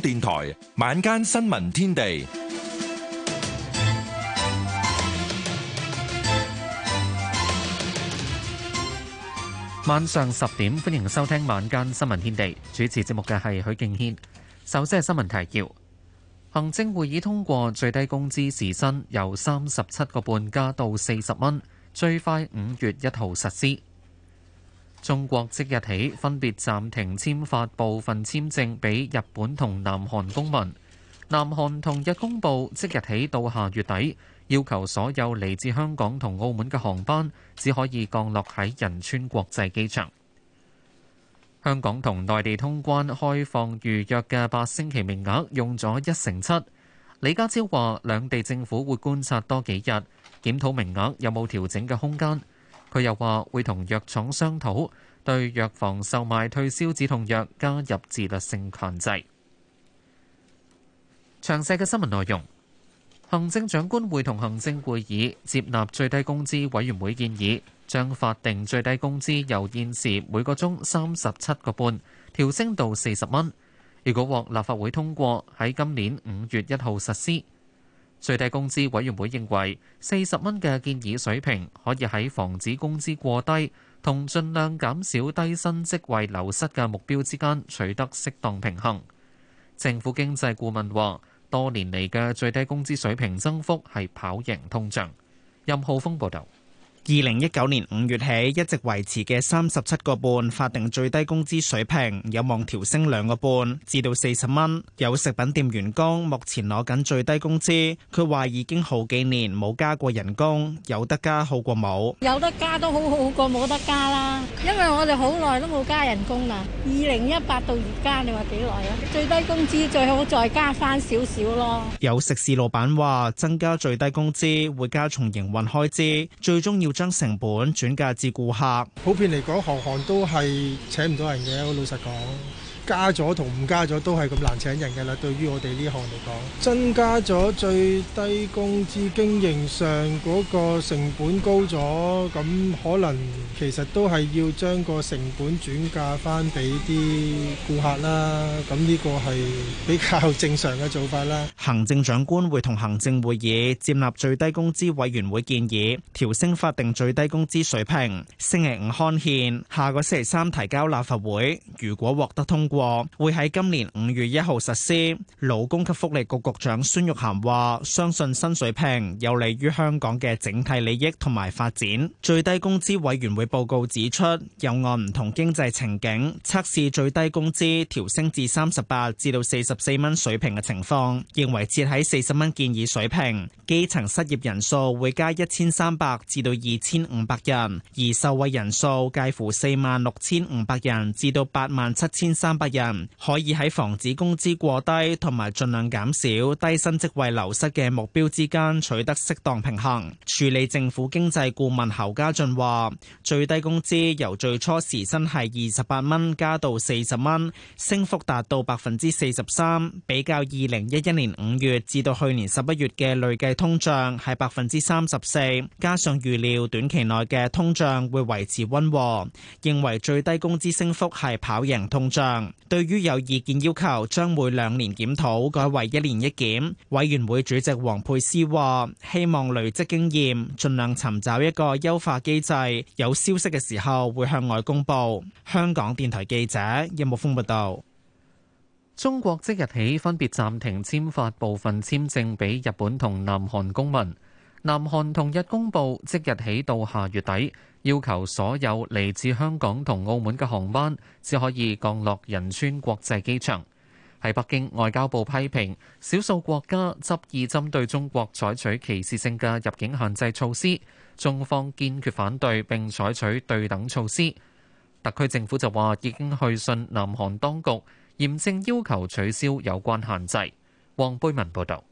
電台晚間新聞天地，晚上十點歡迎收聽晚間新聞天地。主持節目嘅係許敬軒。首先係新聞提要：行政會議通過最低工資時薪由三十七個半加到四十蚊，最快五月一號實施。中國即日起分別暫停簽發部分簽證畀日本同南韓公民。南韓同日公佈即日起到下月底，要求所有嚟自香港同澳門嘅航班只可以降落喺仁川國際機場。香港同內地通關開放預約嘅八星期名額用咗一成七。李家超話，兩地政府會觀察多幾日，檢討名額有冇調整嘅空間。佢又話會同藥廠商討，對藥房售賣退燒止，止痛藥加入自律性限制。詳細嘅新聞內容，行政長官會同行政會議接納最低工資委員會建議，將法定最低工資由現時每個鐘三十七個半調升到四十蚊。如果獲立法會通過，喺今年五月一號實施。最低工資委員會認為，四十蚊嘅建議水平可以喺防止工資過低同盡量減少低薪職位流失嘅目標之間取得適當平衡。政府經濟顧問話，多年嚟嘅最低工資水平增幅係跑贏通脹。任浩峰報導。二零一九年五月起一直維持嘅三十七個半法定最低工資水平，有望調升兩個半至到四十蚊。有食品店員工目前攞緊最低工資，佢話已經好幾年冇加過人工，有得加好過冇。有得加都好好過冇得加啦，因為我哋好耐都冇加人工啦。二零一八到而家，你話幾耐啊？最低工資最好再加返少少咯。有食肆老闆話增加最低工資會加重營運開支，最終要。將成本轉嫁至顧客。普遍嚟講，行行都係請唔到人嘅。我老實講。加咗同唔加咗都係咁難請人噶啦。對於我哋呢行嚟講，增加咗最低工資，經營上嗰個成本高咗，咁可能其實都係要將個成本轉嫁翻俾啲顧客啦。咁呢個係比較正常嘅做法啦。行政長官會同行政會議接納最低工資委員會建議，調升法定最低工資水平。星期五刊憲，下個星期三提交立法會。如果獲得通過。會喺今年五月一號實施。勞工及福利局局長孫玉菡話：相信新水平有利於香港嘅整體利益同埋發展。最低工資委員會報告指出，有按唔同經濟情景測試最低工資調升至三十八至到四十四蚊水平嘅情況，認為設喺四十蚊建議水平。基層失業人數會加一千三百至到二千五百人，而受惠人數介乎四萬六千五百人至到八萬七千三百人可以喺防止工資過低同埋盡量減少低薪職位流失嘅目標之間取得適當平衡。處理政府經濟顧問侯家俊話，最低工資由最初時薪係二十八蚊加到四十蚊，升幅達到百分之四十三，比較二零一一年五月至到去年十一月嘅累計通脹係百分之三十四，加上預料短期內嘅通脹會維持温和，認為最低工資升幅係跑贏通脹。對於有意見要求將每兩年檢討改為一年一檢，委員會主席黃佩斯話：希望累積經驗，盡量尋找一個優化機制。有消息嘅時候會向外公佈。香港電台記者葉木豐報道。有有中國即日起分別暫停簽發部分簽證俾日本同南韓公民。南韓同日公布，即日起到下月底，要求所有嚟自香港同澳門嘅航班只可以降落仁川國際機場。喺北京，外交部批評少數國家執意針對中國採取歧視性嘅入境限制措施，中方堅決反對並採取對等措施。特區政府就話已經去信南韓當局，嚴正要求取消有關限制。黃貝文報道。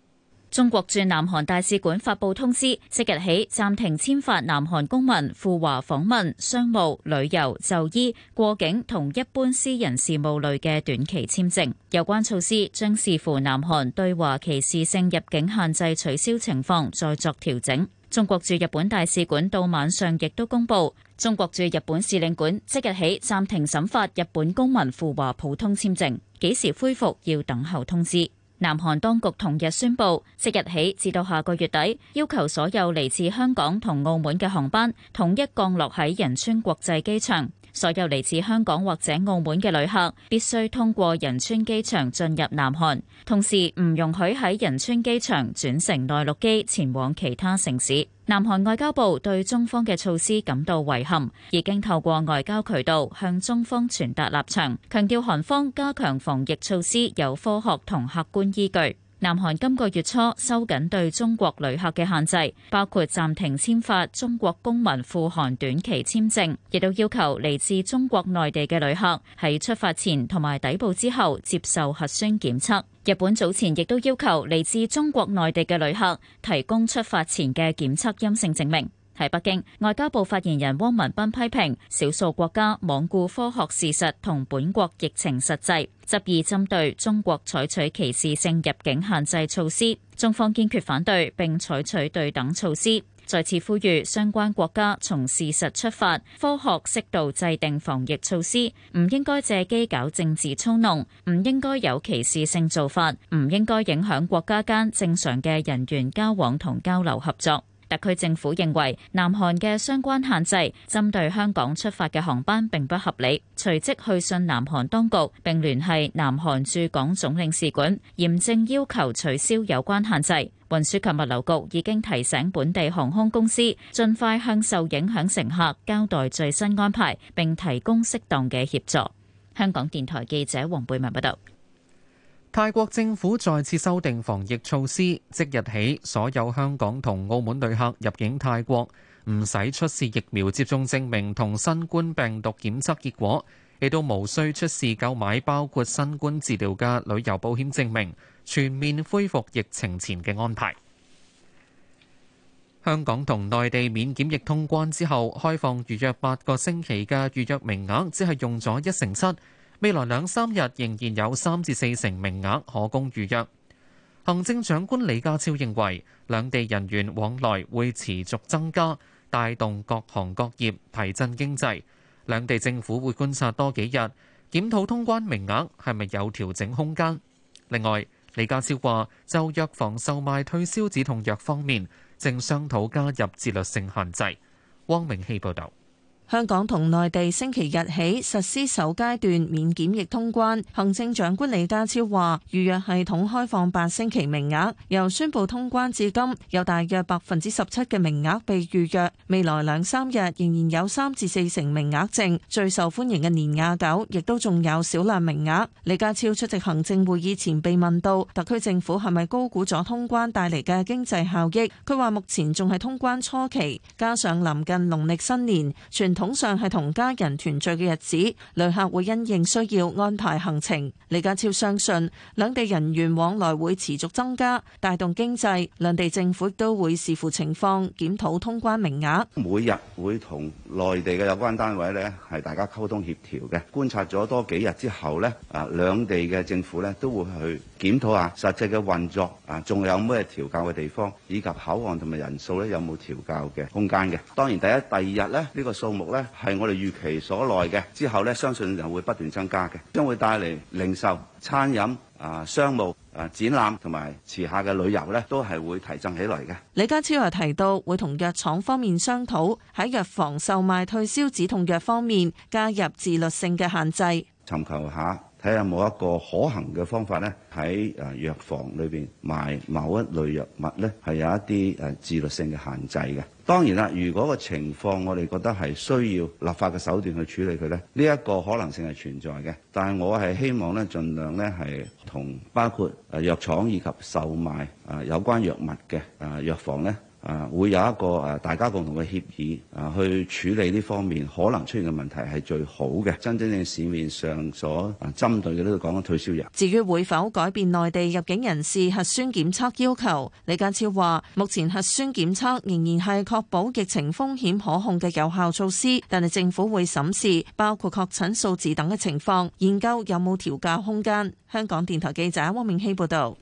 中國駐南韓大使館發布通知，即日起暫停簽發南韓公民赴華訪問、商務、旅遊、就醫、過境同一般私人事務類嘅短期簽證。有關措施將視乎南韓對華歧視性入境限制取消情況再作調整。中國駐日本大使館到晚上亦都公布，中國駐日本使領館即日起暫停審發日本公民赴華普通簽證，幾時恢復要等候通知。南韓當局同日宣布，即日起至到下個月底，要求所有嚟自香港同澳門嘅航班統一降落喺仁川國際機場。所有嚟自香港或者澳門嘅旅客必須通過仁川機場進入南韓，同時唔容許喺仁川機場轉乘內陸機前往其他城市。南韓外交部對中方嘅措施感到遺憾，已經透過外交渠道向中方傳達立場，強調韓方加強防疫措施有科學同客觀依據。南韓今個月初收緊對中國旅客嘅限制，包括暫停簽發中國公民赴韓短期簽證，亦都要求嚟自中國內地嘅旅客喺出發前同埋抵埗之後接受核酸檢測。日本早前亦都要求嚟自中國內地嘅旅客提供出發前嘅檢測陰性證明。喺北京，外交部發言人汪文斌批評少數國家罔顧科學事實同本國疫情實際，執意針對中國採取歧視性入境限制措施。中方堅決反對，並採取對等措施，再次呼籲相關國家從事實出發，科學適度制定防疫措施，唔應該借機搞政治操弄，唔應該有歧視性做法，唔應該影響國家間正常嘅人員交往同交流合作。特區政府認為南韓嘅相關限制針對香港出發嘅航班並不合理，隨即去信南韓當局並聯繫南韓駐港總領事館，嚴正要求取消有關限制。運輸及物流局已經提醒本地航空公司，盡快向受影響乘客交代最新安排並提供適當嘅協助。香港電台記者黃貝文報道。泰國政府再次修訂防疫措施，即日起所有香港同澳門旅客入境泰國唔使出示疫苗接種證明同新冠病毒檢測結果，亦都無需出示購買包括新冠治療嘅旅遊保險證明，全面恢復疫情前嘅安排。香港同內地免檢疫通關之後，開放預約八個星期嘅預約名額，只係用咗一成七。未來兩三日仍然有三至四成名額可供預約。行政長官李家超認為，兩地人員往來會持續增加，帶動各行各業，提振經濟。兩地政府會觀察多幾日，檢討通關名額係咪有調整空間。另外，李家超話，就藥房售賣退燒止痛藥方面，正商討加入自律性限制。汪明希報導。香港同內地星期日起實施首階段免檢疫通關，行政長官李家超話，預約系統開放八星期名額，由宣布通關至今有大約百分之十七嘅名額被預約，未來兩三日仍然有三至四成名額剩，最受歡迎嘅年廿九亦都仲有少量名額。李家超出席行政會議前被問到，特區政府係咪高估咗通關帶嚟嘅經濟效益？佢話目前仲係通關初期，加上臨近，近農曆新年，全統上係同家人團聚嘅日子，旅客會因應需要安排行程。李家超相信兩地人員往來會持續增加，帶動經濟，兩地政府都會視乎情況檢討通關名額，每日會同內地嘅有關單位咧，係大家溝通協調嘅。觀察咗多幾日之後咧，啊，兩地嘅政府咧都會去檢討下實際嘅運作啊，仲有咩調校嘅地方，以及口岸同埋人數咧有冇調校嘅空間嘅。當然第一第二日咧呢個數目。咧係我哋預期所內嘅，之後咧相信就會不斷增加嘅，將會帶嚟零售、餐飲、啊商務、啊展覽同埋遲下嘅旅遊咧，都係會提振起來嘅。李家超又提到，會同藥廠方面商討喺藥房售賣退燒止痛藥方面加入自律性嘅限制，限制尋求下。睇下有冇一個可行嘅方法咧，喺誒藥房裏邊賣某一類藥物咧，係有一啲誒自律性嘅限制嘅。當然啦，如果個情況我哋覺得係需要立法嘅手段去處理佢咧，呢一個可能性係存在嘅。但係我係希望咧，儘量咧係同包括誒藥廠以及售賣誒有關藥物嘅誒藥房咧。啊，會有一個啊，大家共同嘅協議啊，去處理呢方面可能出現嘅問題係最好嘅。真真正正市面上所啊針對嘅呢個講緊退燒藥。至於會否改變內地入境人士核酸檢測要求？李家超話：目前核酸檢測仍然係確保疫情風險可控嘅有效措施，但係政府會審視包括確診數字等嘅情況，研究有冇調價空間。香港電台記者汪明希報導。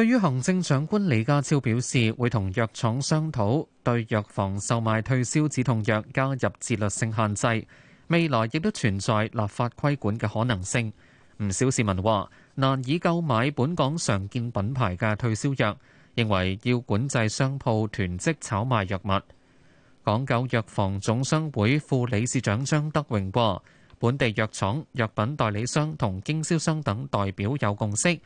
對於行政長官李家超表示，會同藥廠商討對藥房售賣退燒止痛藥加入自律性限制，未來亦都存在立法規管嘅可能性。唔少市民話難以購買本港常見品牌嘅退燒藥，認為要管制商鋪囤積炒賣藥物。港九藥房總商會副理事長張德榮話：本地藥廠、藥品代理商同經銷商等代表有共識。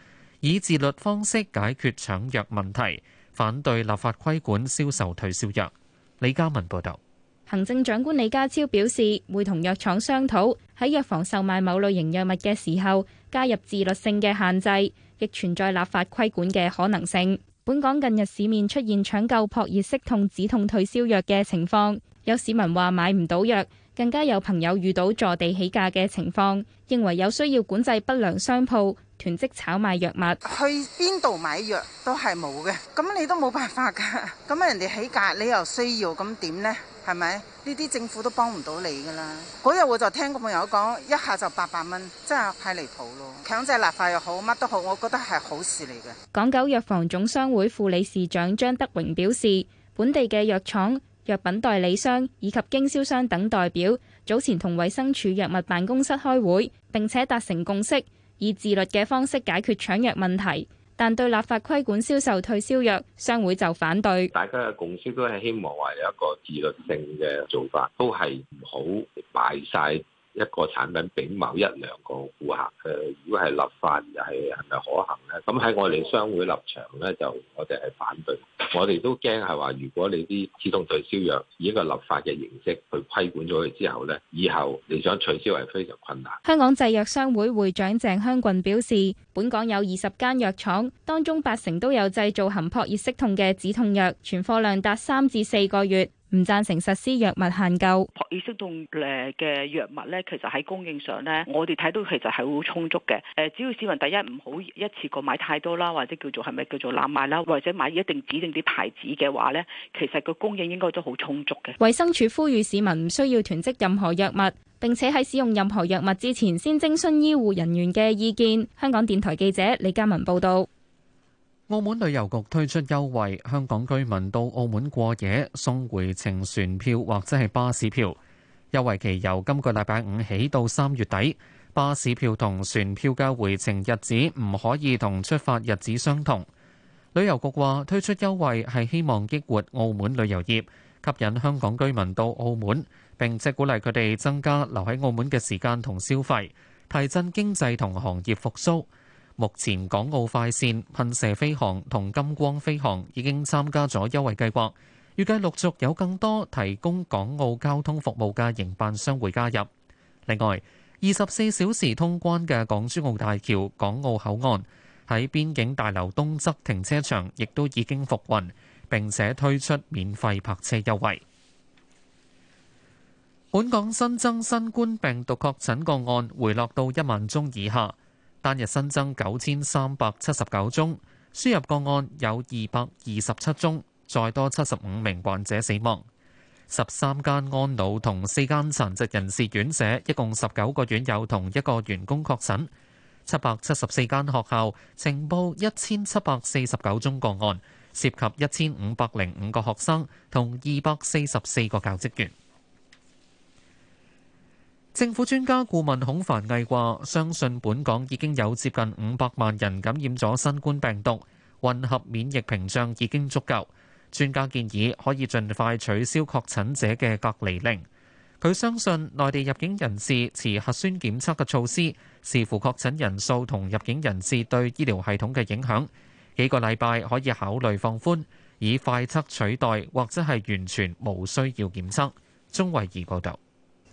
以自律方式解決搶藥問題，反對立法規管銷售退燒藥，李嘉文報道。行政長官李家超表示，會同藥廠商討喺藥房售賣某類型藥物嘅時候加入自律性嘅限制，亦存在立法規管嘅可能性。本港近日市面出現搶購撲熱息痛止痛退燒藥嘅情況，有市民話買唔到藥。更加有朋友遇到坐地起價嘅情況，認為有需要管制不良商鋪囤積炒賣藥物。去邊度買藥都係冇嘅，咁你都冇辦法㗎。咁人哋起價，你又需要，咁點呢？係咪？呢啲政府都幫唔到你㗎啦。嗰日我就聽個朋友講，一下就八百蚊，真係太離譜咯。強制立法又好，乜都好，我覺得係好事嚟嘅。港九藥房總商會副理事長張德榮表示，本地嘅藥廠、藥品代理商以及經銷商等代表早前同衛生署藥物辦公室開會，並且達成共識，以自律嘅方式解決搶藥問題。但對立法規管銷售退燒藥，商會就反對。大家嘅共識都係希望話有一個自律性嘅做法，都係唔好賣晒。一個產品俾某一兩個顧客，誒，如果係立法又係係咪可行呢？咁喺我哋商會立場咧，就我哋係反對。我哋都驚係話，如果你啲止痛退燒藥以一個立法嘅形式去規管咗佢之後呢，以後你想取消係非常困難。香港製藥商會會長鄭香郡表示，本港有二十間藥廠，當中八成都有製造含撲熱息痛嘅止痛藥，存貨量達三至四個月。唔贊成實施藥物限購，意識到誒嘅藥物咧，其實喺供應上咧，我哋睇到其實係好充足嘅。誒，只要市民第一唔好一次過買太多啦，或者叫做係咪叫做濫買啦，或者買一定指定啲牌子嘅話咧，其實個供應應該都好充足嘅。衛生署呼籲市民唔需要囤積任何藥物，並且喺使用任何藥物之前，先徵詢醫護人員嘅意見。香港電台記者李嘉文報道。澳門旅遊局推出優惠，香港居民到澳門過夜送回程船票或者係巴士票。優惠期由今個禮拜五起到三月底。巴士票同船票嘅回程日子唔可以同出發日子相同。旅遊局話推出優惠係希望激活澳門旅遊業，吸引香港居民到澳門，並且鼓勵佢哋增加留喺澳門嘅時間同消費，提振經濟同行業復甦。目前港澳快線、噴射飛航同金光飛航已經參加咗優惠計劃，預計陸續有更多提供港澳交通服務嘅營辦商會加入。另外，二十四小時通關嘅港珠澳大橋港澳口岸喺邊境大樓東側停車場亦都已經復運，並且推出免費泊車優惠。本港新增新冠病毒確診個案回落到一萬宗以下。單日新增九千三百七十九宗，輸入個案有二百二十七宗，再多七十五名患者死亡。十三間安老同四間殘疾人士院舍，一共十九個院友同一個員工確診。七百七十四間學校呈報一千七百四十九宗個案，涉及一千五百零五個學生同二百四十四個教職員。政府專家顧問孔凡毅話，相信本港已經有接近500萬人感染咗新冠病毒，混合免疫屏障已經足夠。專家建議可以盡快取消確診者嘅隔離令。佢相信內地入境人士持核酸檢測嘅措施，視乎確診人數同入境人士對醫療系統嘅影響。幾個禮拜可以考慮放寬，以快測取代或者係完全無需要檢測，鍾惠儀報導。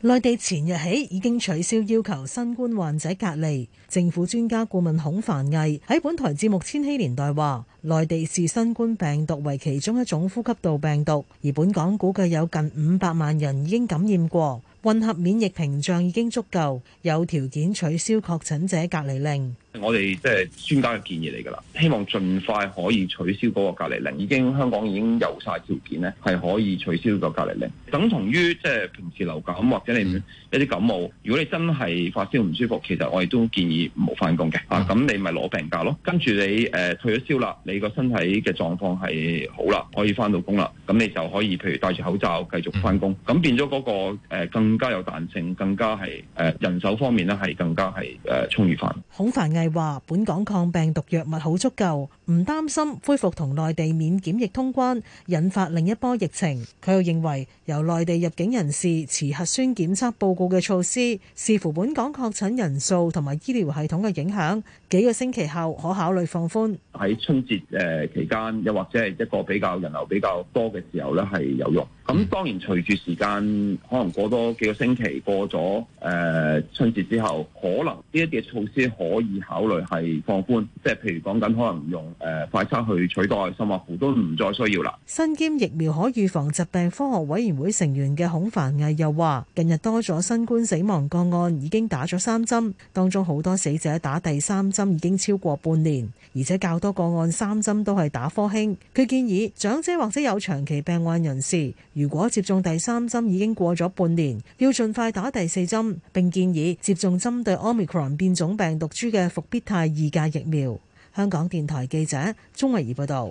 內地前日起已經取消要求新冠患者隔離。政府專家顧問孔繁毅喺本台節目《千禧年代》話：內地視新冠病毒為其中一種呼吸道病毒，而本港估計有近五百萬人已經感染過，混合免疫屏障已經足夠，有條件取消確診者隔離令。我哋即係專家嘅建議嚟㗎啦，希望盡快可以取消嗰個隔離令。已經香港已經有晒條件咧，係可以取消個隔離令，等同於即係平時流感或者你一啲感冒。如果你真係發燒唔舒服，其實我哋都建議唔好翻工嘅。啊，咁你咪攞病假咯。跟住你誒、呃、退咗燒啦，你個身體嘅狀況係好啦，可以翻到工啦。咁你就可以譬如戴住口罩繼續翻工。咁變咗嗰個更加有彈性，更加係誒、呃、人手方面咧係更加係誒充裕翻。好、呃、煩話本港抗病毒藥物好足夠。唔擔心恢復同內地免檢疫通關，引發另一波疫情。佢又認為由內地入境人士持核酸檢測報告嘅措施，視乎本港確診人數同埋醫療系統嘅影響，幾個星期後可考慮放寬。喺春節誒期間，又或者係一個比較人流比較多嘅時候咧，係有用。咁當然隨住時間，可能過多幾個星期，過咗誒春節之後，可能呢一啲嘅措施可以考慮係放寬。即係譬如講緊可能用。誒快餐去取代，甚至乎都唔再需要啦。身兼疫苗可預防疾病科學委員會成員嘅孔繁毅又話，近日多咗新冠死亡個案，已經打咗三針，當中好多死者打第三針已經超過半年，而且較多個案三針都係打科興，佢建議長者或者有長期病患人士，如果接種第三針已經過咗半年，要盡快打第四針，並建議接種針對 omicron 變種病毒株嘅復必泰二價疫苗。香港電台記者鍾慧儀報道，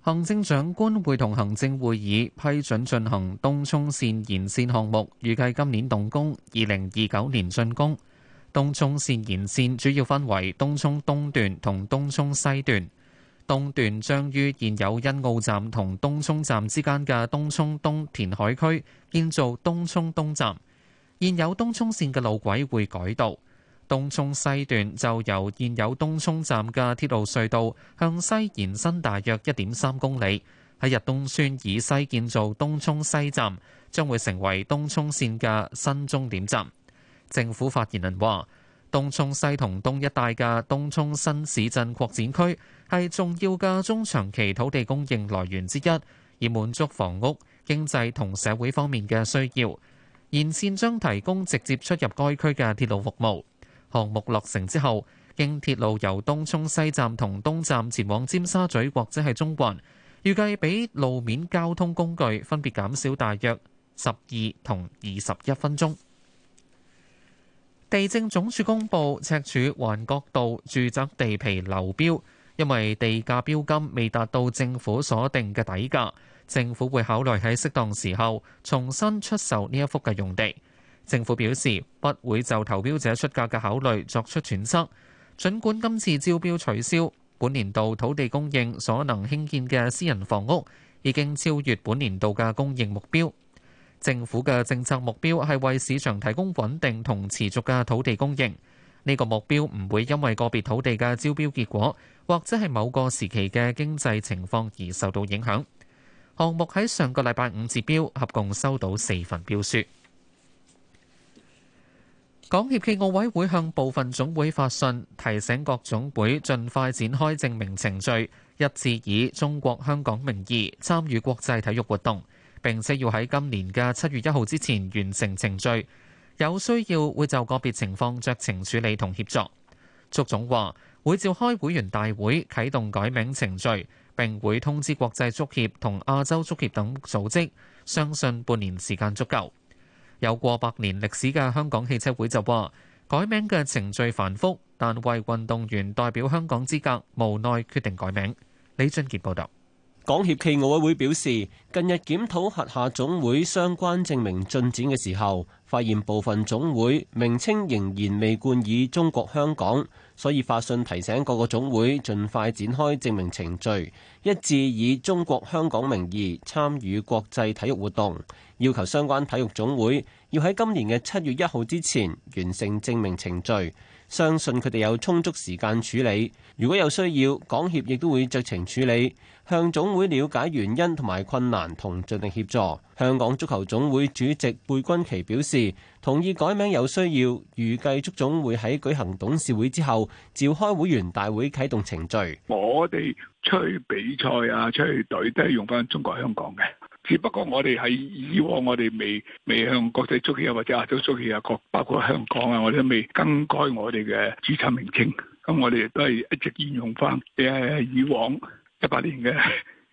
行政長官會同行政會議批准進行東涌綫延綫項目，預計今年動工，二零二九年竣工。東涌線延線主要分為東涌東段同東涌西段，東段將於現有欣澳站同東涌站之間嘅東涌東填海區建造東涌東站，現有東涌線嘅路軌會改道。東涌西段就由現有東涌站嘅鐵路隧道向西延伸，大約一點三公里，喺日東村以西建造東涌西站，將會成為東涌線嘅新終點站。政府發言人話，東涌西同東一帶嘅東涌新市鎮擴展區係重要嘅中長期土地供應來源之一，以滿足房屋、經濟同社會方面嘅需要。沿線將提供直接出入該區嘅鐵路服務。項目落成之後，經鐵路由東涌西站同東站前往尖沙咀或者係中環，預計比路面交通工具分別減少大約十二同二十一分鐘。地政總署公布赤柱環角道住宅地皮流標，因為地價標金未達到政府所定嘅底價，政府會考慮喺適當時候重新出售呢一幅嘅用地。政府表示，不會就投標者出價嘅考慮作出揣測。儘管今次招標取消，本年度土地供應所能興建嘅私人房屋已經超越本年度嘅供應目標。政府嘅政策目標係為市場提供穩定同持續嘅土地供應。呢個目標唔會因為個別土地嘅招標結果，或者係某個時期嘅經濟情況而受到影響。項目喺上個禮拜五截標，合共收到四份標書。港協暨奧委會向部分總會發信，提醒各總會盡快展開正名程序，一致以中國香港名義參與國際體育活動，並且要喺今年嘅七月一號之前完成程序。有需要會就個別情況酌情處理同協助。足總話會召開會員大會，啟動改名程序，並會通知國際足協同亞洲足協等組織。相信半年時間足夠。有過百年歷史嘅香港汽車會就話：改名嘅程序繁複，但為運動員代表香港資格，無奈決定改名。李俊傑報導，港協暨奧委會表示，近日檢討轄下總會相關證明進展嘅時候，發現部分總會名稱仍然未冠以中國香港。所以發信提醒各個總會盡快展開證明程序，一致以中國香港名義參與國際體育活動，要求相關體育總會要喺今年嘅七月一號之前完成證明程序。相信佢哋有充足時間處理，如果有需要，港協亦都會酌情處理。向總會了解原因同埋困難，同盡力協助。香港足球總會主席貝君琪表示，同意改名有需要，預計足總會喺舉行董事會之後，召開會員大會啟動程序。我哋出去比賽啊，出去隊都係用返中國香港嘅。只不過我哋喺以往我哋未未向國際足協或者亞洲足協啊，包括香港啊，我哋都未更改我哋嘅註冊名稱。噉我哋都係一直沿用返以往, 一八年嘅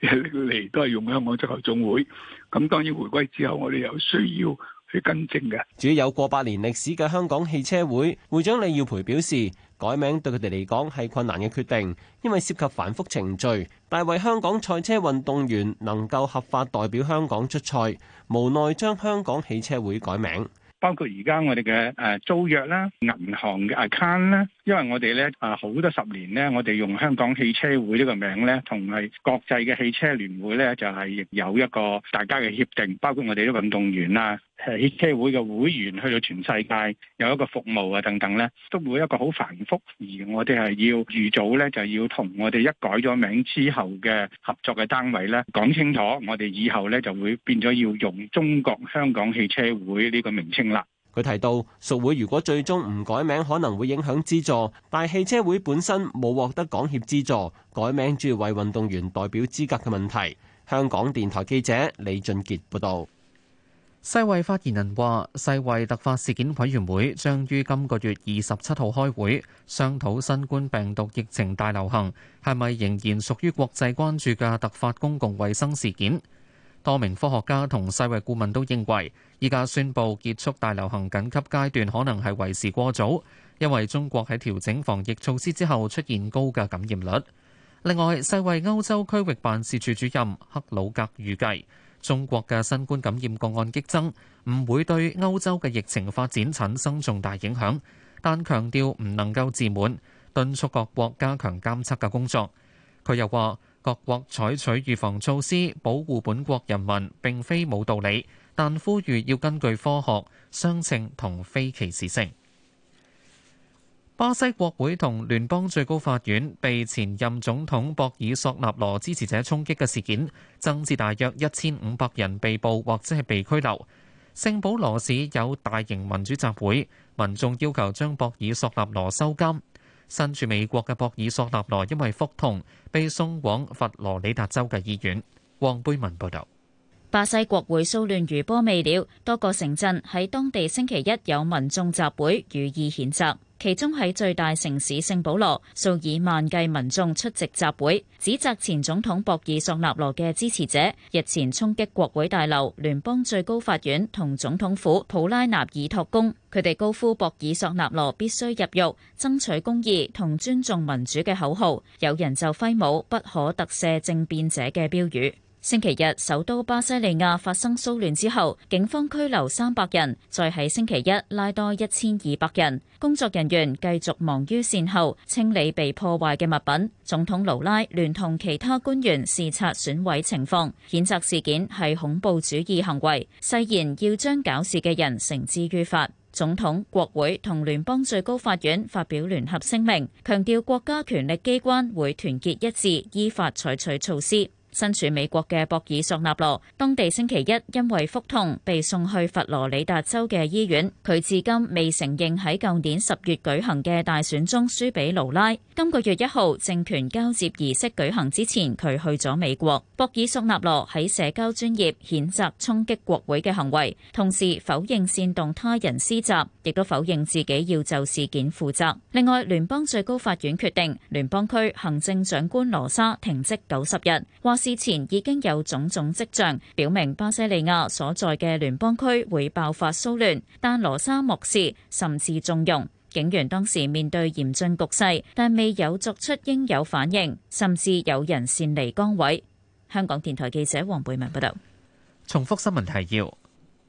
嚟都係用香港足球總會，咁當然回歸之後我哋有需要去更正嘅。主要有過百年歷史嘅香港汽車會會長李耀培表示，改名對佢哋嚟講係困難嘅決定，因為涉及繁複程序，但為香港賽車運動員能夠合法代表香港出賽，無奈將香港汽車會改名。包括而家我哋嘅誒租約啦、銀行嘅 account 啦，因為我哋咧啊好多十年咧，我哋用香港汽車會呢個名咧，同係國際嘅汽車聯會咧，就係亦有一個大家嘅協定，包括我哋啲運動員啦。汽車會嘅會員去到全世界，有一個服務啊等等呢，都冇一個好繁複。而我哋係要預早呢，就要同我哋一改咗名之後嘅合作嘅單位呢，講清楚我哋以後呢就會變咗要用中國香港汽車會呢個名稱啦。佢提到，屬會如果最終唔改名，可能會影響資助。但係汽車會本身冇獲得港協資助，改名主要為運動員代表資格嘅問題。香港電台記者李俊杰報道。世衛發言人話，世衛突發事件委員會將於今個月二十七號開會，商討新冠病毒疫情大流行係咪仍然屬於國際關注嘅突發公共衛生事件。多名科學家同世衛顧問都認為，依家宣布結束大流行緊急階段可能係為時過早，因為中國喺調整防疫措施之後出現高嘅感染率。另外，世衛歐洲區域辦事處主任克魯格預計。中國嘅新冠感染巴西國會同聯邦最高法院被前任總統博爾索納羅支持者衝擊嘅事件，增至大約一千五百人被捕或者係被拘留。聖保羅市有大型民主集會，民眾要求將博爾索納羅收監。身處美國嘅博爾索納羅因為腹痛被送往佛羅里達州嘅醫院。黃貝文報道，巴西國會騷亂餘波未了，多個城鎮喺當地星期一有民眾集會，予以譴責。其中喺最大城市聖保羅，數以萬計民眾出席集會，指責前總統博爾索納羅嘅支持者日前衝擊國會大樓、聯邦最高法院同總統府普拉納爾托宮，佢哋高呼博爾索納羅必須入獄、爭取公義同尊重民主嘅口號，有人就揮舞不可特赦政變者嘅標語。星期日，首都巴西利亞發生騷亂之後，警方拘留三百人，再喺星期一拉多一千二百人。工作人員繼續忙於善後清理被破壞嘅物品。總統盧拉聯同其他官員視察損毀情況，譴責事件係恐怖主義行為，誓言要將搞事嘅人繩之於法。總統、國會同聯邦最高法院發表聯合聲明，強調國家權力機關會團結一致，依法採取措施。身處美國嘅博爾索納羅，當地星期一因為腹痛被送去佛羅里達州嘅醫院。佢至今未承認喺舊年十月舉行嘅大選中輸俾盧拉。今個月一號政權交接儀式舉行之前，佢去咗美國。博爾索納羅喺社交專業譴責衝擊國會嘅行為，同時否認煽動他人施襲，亦都否認自己要就事件負責。另外，聯邦最高法院決定聯邦區行政長官羅莎停職九十日。話事前已經有種種跡象表明巴西利亞所在嘅聯邦區會爆發騷亂，但羅莎漠視甚至縱容。警員當時面對嚴峻局勢，但未有作出應有反應，甚至有人擅離崗位。香港電台記者黃貝文報道：重複新聞提要，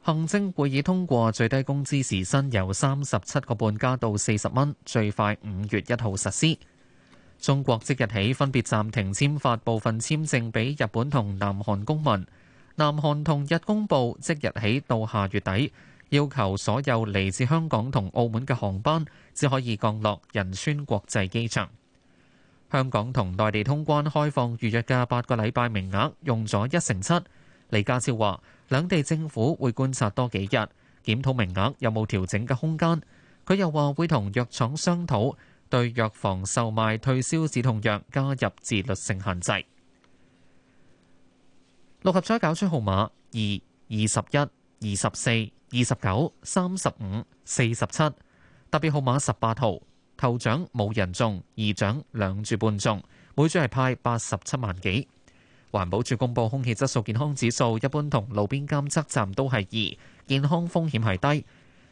行政會議通過最低工資時薪由三十七個半加到四十蚊，最快五月一號實施。中國即日起分別暫停簽發部分簽證俾日本同南韓公民，南韓同日公布即日起到下月底，要求所有嚟自香港同澳門嘅航班只可以降落仁川國際機場。香港同內地通關開放預約嘅八個禮拜名額用咗一成七，李家超話兩地政府會觀察多幾日，檢討名額有冇調整嘅空間。佢又話會同藥廠商討，對藥房售賣退燒止痛藥加入自律性限制。六合彩攪出號碼二、二十一、二十四、二十九、三十五、四十七，特別號碼十八號。頭獎冇人中，二獎兩注半中，每注係派八十七萬幾。環保署公布空氣質素健康指數，一般同路邊監測站都係二，健康風險係低。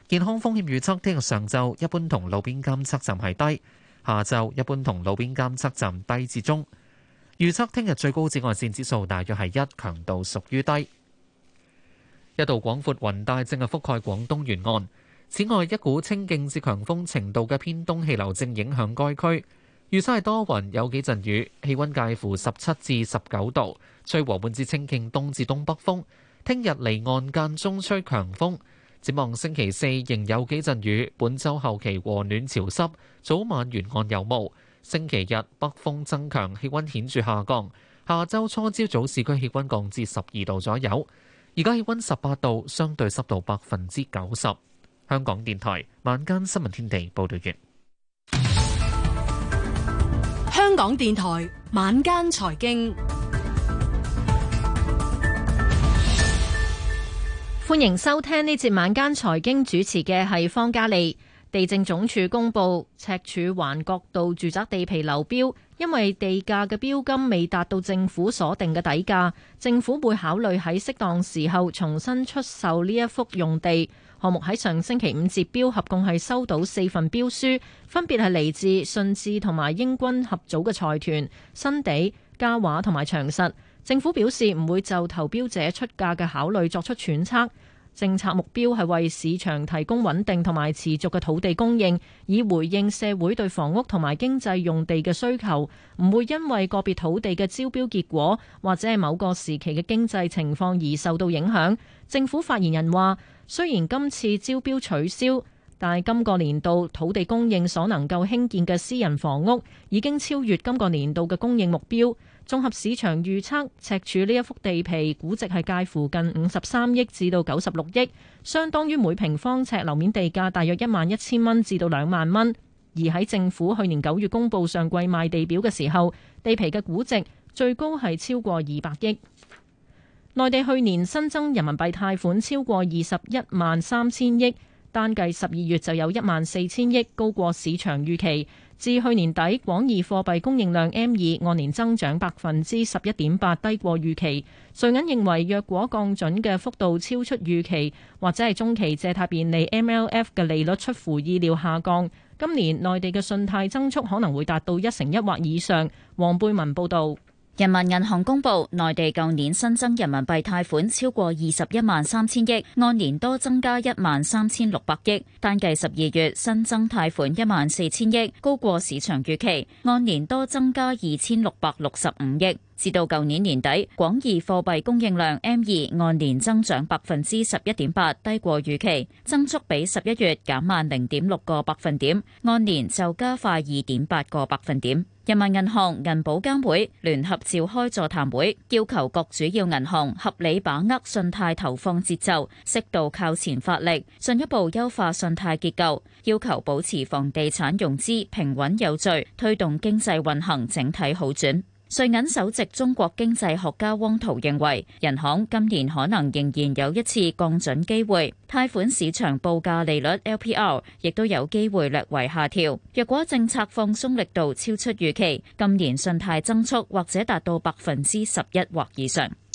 健康風險預測聽日上晝一般同路邊監測站係低，下晝一般同路邊監測站低至中。預測聽日最高紫外綫指數大約係一，強度屬於低。一度廣闊雲帶正係覆蓋廣東沿岸。此外，一股清勁至強風程度嘅偏東氣流正影響該區，預測係多雲，有幾陣雨，氣温介乎十七至十九度，吹和緩至清勁東至東北風。聽日離岸間中吹強風，展望星期四仍有幾陣雨。本週後期和暖潮濕，早晚沿岸有霧。星期日北風增強，氣温顯著下降。下週初朝早市區氣温降至十二度左右，而家氣温十八度，相對濕度百分之九十。香港電台晚間新聞天地報道員。香港電台晚間財經，歡迎收聽呢節晚間財經，主持嘅係方嘉利。地政總署公布赤柱環角道住宅地皮流標，因為地價嘅標金未達到政府所定嘅底價，政府會考慮喺適當時候重新出售呢一幅用地。項目喺上星期五截標，合共係收到四份標書，分別係嚟自信智同埋英軍合組嘅財團新地、嘉華同埋長實。政府表示唔會就投標者出價嘅考慮作出揣測。政策目標係為市場提供穩定同埋持續嘅土地供應，以回應社會對房屋同埋經濟用地嘅需求。唔會因為個別土地嘅招標結果或者係某個時期嘅經濟情況而受到影響。政府發言人話。雖然今次招標取消，但係今個年度土地供應所能夠興建嘅私人房屋已經超越今個年度嘅供應目標。綜合市場預測，赤柱呢一幅地皮估值係介乎近五十三億至到九十六億，相當於每平方尺樓面地價大約一萬一千蚊至到兩萬蚊。而喺政府去年九月公布上季賣地表嘅時候，地皮嘅估值最高係超過二百億。內地去年新增人民幣貸款超過二十一萬三千億，單計十二月就有一萬四千億，高過市場預期。至去年底，廣義貨幣供應量 M2 按年增長百分之十一點八，低過預期。瑞銀認為，若果降準嘅幅度超出預期，或者係中期借貸便利 MLF 嘅利率出乎意料下降，今年內地嘅信貸增速可能會達到一成一或以上。黃貝文報導。人民銀行公布，內地舊年新增人民幣貸款超過二十一萬三千億，按年多增加一萬三千六百億。單計十二月新增貸款一萬四千億，高過市場預期，按年多增加二千六百六十五億。至到舊年年底，廣義貨幣供應量 M 二按年增長百分之十一點八，低過預期，增速比十一月減慢零點六個百分點，按年就加快二點八個百分點。人民銀行、銀保監會聯合召開座談會，要求各主要銀行合理把握信貸投放節奏，適度靠前發力，進一步優化信貸結構，要求保持房地產融資平穩有序，推動經濟運行整體好轉。瑞銀首席中國經濟學家汪濤認為，人行今年可能仍然有一次降準機會，貸款市場報價利率 LPR 亦都有機會略為下調。若果政策放鬆力度超出預期，今年信貸增速或者達到百分之十一或以上。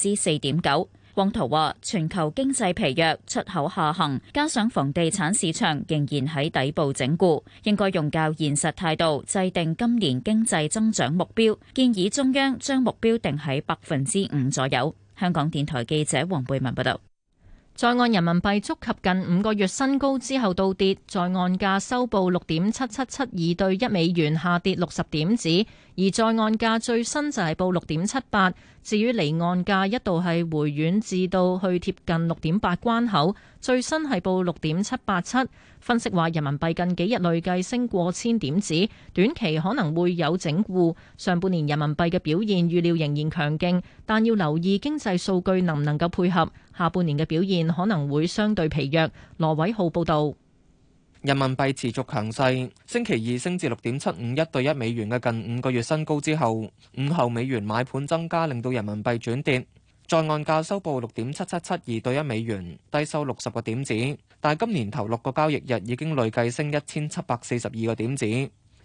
之四點九，汪濤話：全球經濟疲弱，出口下行，加上房地產市場仍然喺底部整固，應該用較現實態度制定今年經濟增長目標。建議中央將目標定喺百分之五左右。香港電台記者黃貝文報道。在岸人民幣觸及近五個月新高之後倒跌，在岸價收報六點七七七二對一美元，下跌六十點子；而在岸價最新就係報六點七八。至於離岸價一度係回軟至到去貼近六點八關口，最新係報六點七八七。分析話，人民幣近幾日累計升過千點子，短期可能會有整固。上半年人民幣嘅表現預料仍然強勁，但要留意經濟數據能唔能夠配合。下半年嘅表現可能會相對疲弱。羅偉浩報道，人民幣持續強勢，星期二升至六點七五一兌一美元嘅近五個月新高之後，午後美元買盤增加，令到人民幣轉跌，在岸價收報六點七七七二兌一美元，低收六十個點子，但今年頭六個交易日已經累計升一千七百四十二個點子。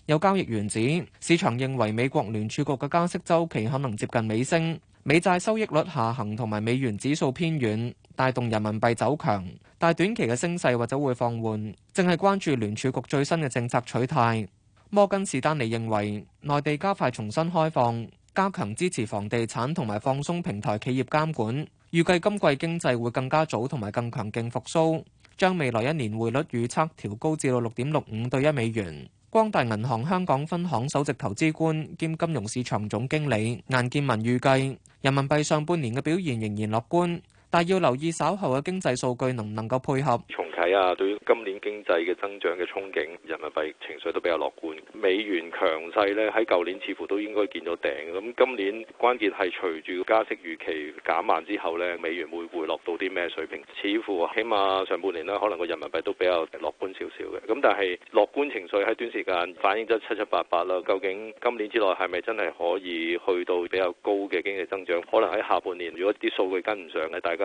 有交易員指，市場認為美國聯儲局嘅加息週期可能接近尾聲。美債收益率下行同埋美元指數偏軟，帶動人民幣走強，但短期嘅升勢或者會放緩，正係關注聯儲局最新嘅政策取態。摩根士丹利認為，內地加快重新開放，加強支持房地產同埋放鬆平台企業監管，預計今季經濟會更加早同埋更強勁復甦，將未來一年匯率預測調高至到六點六五對一美元。光大銀行香港分行首席投資官兼金融市場總經理顏建文預計，人民幣上半年嘅表現仍然樂觀。但要留意稍後嘅經濟數據能唔能夠配合重啟啊？對於今年經濟嘅增長嘅憧憬，人民幣情緒都比較樂觀。美元強勢咧，喺舊年似乎都應該見到頂。咁今年關鍵係隨住加息預期減慢之後咧，美元會回落到啲咩水平？似乎起碼上半年咧，可能個人民幣都比較樂觀少少嘅。咁但係樂觀情緒喺短時間反映得七七八八啦。究竟今年之內係咪真係可以去到比較高嘅經濟增長？可能喺下半年，如果啲數據跟唔上嘅，大家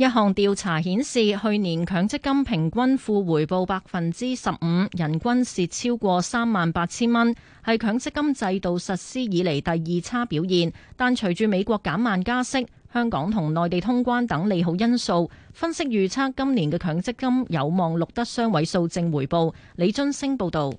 一項調查顯示，去年強積金平均負回報百分之十五，人均蝕超過三萬八千蚊，係強積金制度實施以嚟第二差表現。但隨住美國減慢加息、香港同內地通關等利好因素，分析預測今年嘅強積金有望錄得雙位數正回報。李津升報道。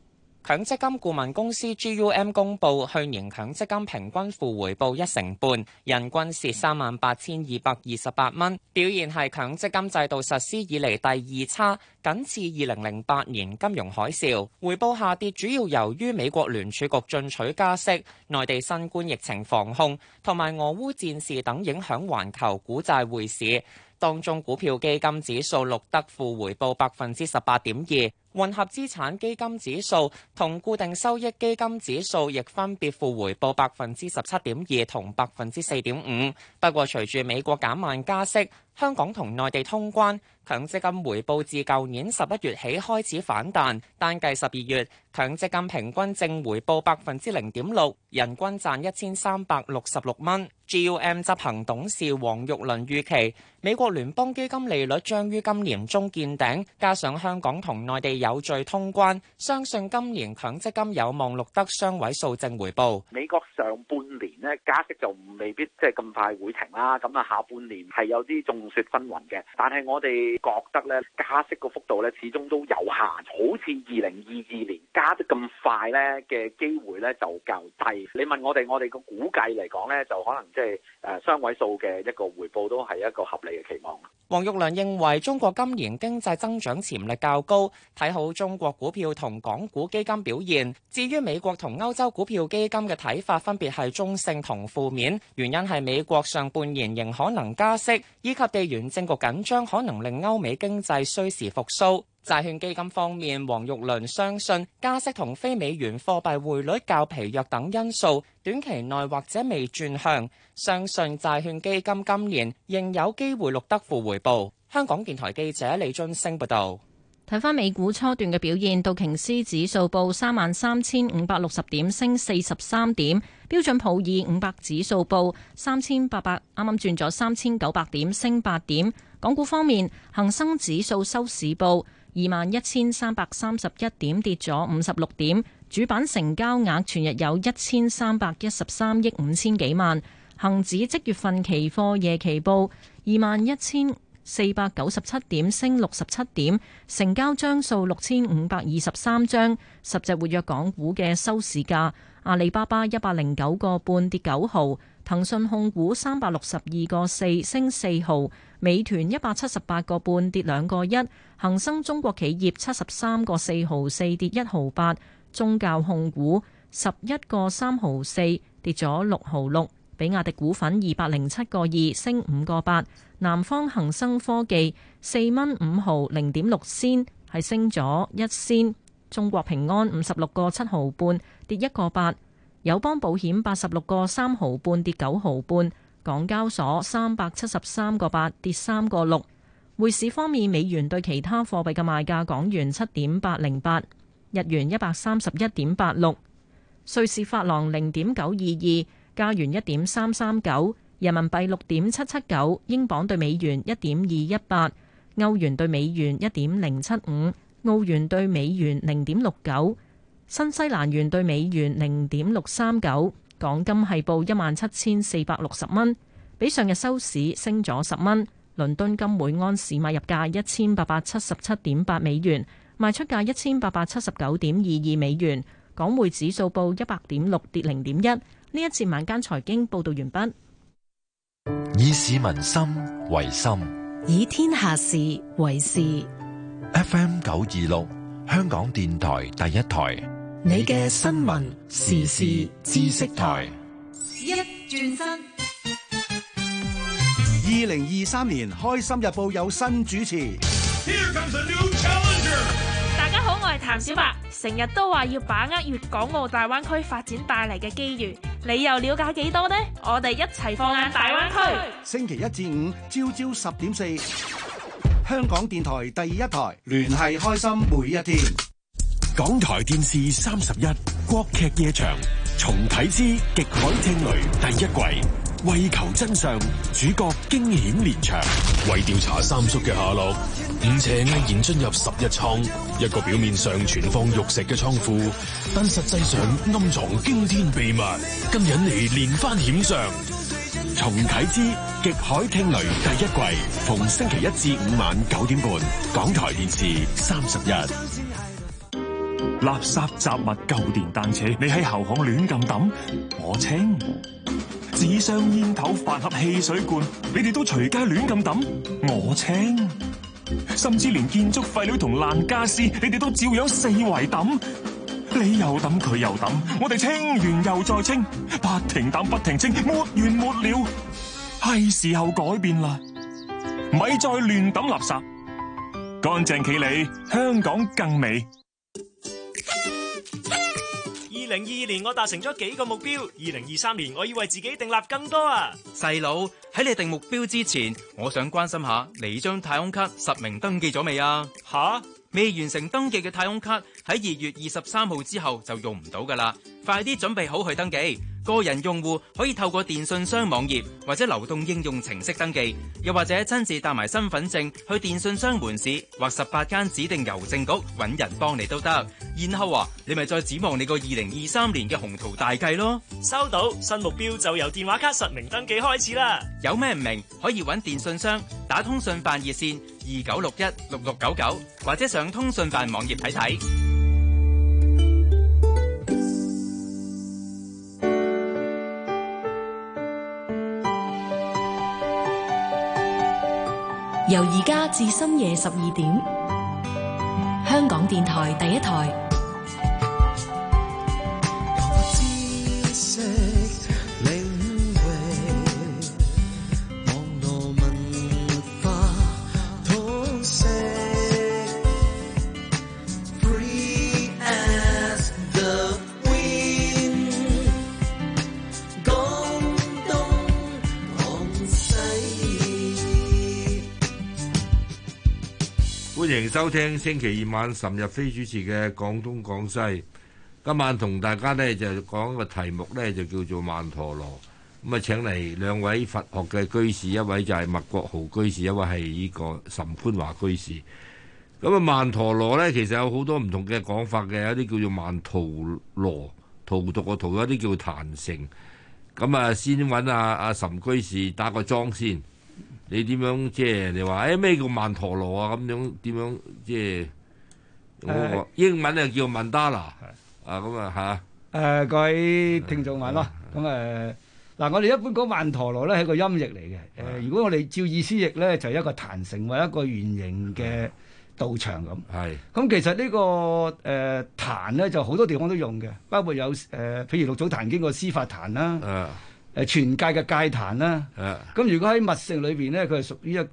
強積金顧問公司 GUM 公布，去年強積金平均負回報一成半，人均蝕三萬八千二百二十八蚊，表現係強積金制度實施以嚟第二差。僅次二零零八年金融海嘯，回報下跌主要由於美國聯儲局進取加息、內地新冠疫情防控同埋俄烏戰事等影響環球股債匯市。當中股票基金指數錄得負回報百分之十八點二，混合資產基金指數同固定收益基金指數亦分別負回報百分之十七點二同百分之四點五。不過，隨住美國減慢加息，香港同內地通關，強積金回報自舊年十一月起開始反彈，單計十二月，強積金平均正回報百分之零點六，人均賺一千三百六十六蚊。GUM 執行董事黃玉麟預期，美國聯邦基金利率將於今年中見頂，加上香港同內地有序通關，相信今年強積金有望錄得雙位數正回報。美國上半年咧加息就未必即係咁快會停啦，咁啊下半年係有啲眾說紛紜嘅，但係我哋覺得咧加息個幅度咧始終都有限，好似二零二二年加得咁快咧嘅機會咧就較低。你問我哋，我哋個估計嚟講咧就可能即係。即係誒雙位數嘅一個回報都係一個合理嘅期望。黃玉良認為中國今年經濟增長潛力較高，睇好中國股票同港股基金表現。至於美國同歐洲股票基金嘅睇法，分別係中性同負面。原因係美國上半年仍可能加息，以及地緣政局緊張可能令歐美經濟需時復蘇。債券基金方面，黃玉麟相信加息同非美元貨幣匯率較疲弱等因素，短期內或者未轉向，相信債券基金今年仍有機會錄得負回報。香港電台記者李俊升報導。睇翻美股初段嘅表現，道瓊斯指數報三萬三千五百六十點，升四十三點；標準普爾五百指數報三千八百，啱啱轉咗三千九百點，升八點。港股方面，恒生指數收市報二萬一千三百三十一點跌咗五十六點，主板成交額全日有一千三百一十三億五千幾萬。恒指即月份期貨夜期報二萬一千四百九十七點升六十七點，成交張數六千五百二十三張。十隻活躍港股嘅收市價，阿里巴巴一百零九個半跌九毫，騰訊控股三百六十二個四升四毫。美團一百七十八個半跌兩個一，恒生中國企業七十三個四毫四跌一毫八，中教控股十一個三毫四跌咗六毫六，比亞迪股份二百零七個二升五個八，南方恒生科技四蚊五毫零點六仙係升咗一仙，中國平安五十六個七毫半跌一個八，友邦保險八十六個三毫半跌九毫半。港交所三百七十三個八跌三個六。匯市方面，美元對其他貨幣嘅賣價：港元七點八零八，日元一百三十一點八六，瑞士法郎零點九二二，加元一點三三九，人民幣六點七七九，英鎊對美元一點二一八，歐元對美元一點零七五，澳元對美元零點六九，新西蘭元對美元零點六三九。港金係報一萬七千四百六十蚊，比上日收市升咗十蚊。倫敦金每安士買入價一千八百七十七點八美元，賣出價一千八百七十九點二二美元。港匯指數報一百點六，跌零點一。呢一次晚間財經報道完畢。以市民心為心，以天下事為事。FM 九二六，香港電台第一台。你嘅新聞時事知識台，一轉身，二零二三年開心日報有新主持。大家好，我係譚小白，成日都話要把握粵港澳大灣區發展帶嚟嘅機遇，你又了解幾多呢？我哋一齊放眼大灣區。星期一至五朝朝十點四，香港電台第一台，聯繫開心每一天。港台電視三十一，國劇夜場重啟之極海聽雷第一季，為求真相，主角驚險連場。為調查三叔嘅下落，吳邪毅然進入十一倉，一個表面上存放玉石嘅倉庫，但實際上暗藏驚天秘密，更引嚟連番險象。重啟之極海聽雷第一季，逢星期一至五晚九點半，港台電視三十一。垃圾雜物舊電單車，你喺後巷亂咁抌，我清；紙箱煙頭飯盒汽水罐，你哋都隨街亂咁抌，我清；甚至連建築廢料同爛家私，你哋都照樣四圍抌，你又抌，佢又抌，我哋清完又再清，不停抌不，不停清，沒完沒了。係時候改變啦，咪再亂抌垃圾，乾淨企理，香港更美。二零二二年我達成咗幾個目標，二零二三年我要為自己訂立更多啊！細佬，喺你定目標之前，我想關心下你張太空卡實名登記咗未啊？吓哈，未完成登記嘅太空卡。喺二月二十三號之後就用唔到噶啦，快啲準備好去登記。個人用戶可以透過電信商網頁或者流動應用程式登記，又或者親自帶埋身份證去電信商門市或十八間指定郵政局揾人幫你都得。然後啊，你咪再指望你個二零二三年嘅鴻圖大計咯。收到，新目標就由電話卡實名登記開始啦。有咩唔明可以揾電信商打通訊辦熱線二九六一六六九九，99，或者上通訊辦網頁睇睇。由而家至深夜十二點，香港電台第一台。歡迎收聽星期二晚岑日飛主持嘅《廣東廣西》。今晚同大家呢就講個題目呢，就叫做曼陀羅。咁、嗯、啊，請嚟兩位佛學嘅居士，一位就係麥國豪居士，一位係呢個岑歡華居士。咁、嗯、啊，曼陀羅呢，其實有好多唔同嘅講法嘅，有啲叫做曼陀羅、陀讀個、啊、陀、啊陀，有啲叫做壇城。咁、嗯、啊，先揾阿阿岑居士打個樁先。你點樣即係你話？誒、就、咩、是哎、叫曼陀羅啊？咁樣點樣即係？那個、英文叫啊叫曼達拿啊咁啊嚇！誒各位聽眾問咯，咁誒嗱，我哋一般講曼陀羅咧係個音譯嚟嘅。誒的如果我哋照意思譯咧，就是、一個壇城或一個圓形嘅道場咁。係。咁的其實、這個呃、呢個誒壇咧就好多地方都用嘅，包括有誒、呃，譬如六祖壇經個司法壇啦。嗯。誒全界嘅戒壇啦，咁、uh. 如果喺物性裏邊咧，佢係屬於一。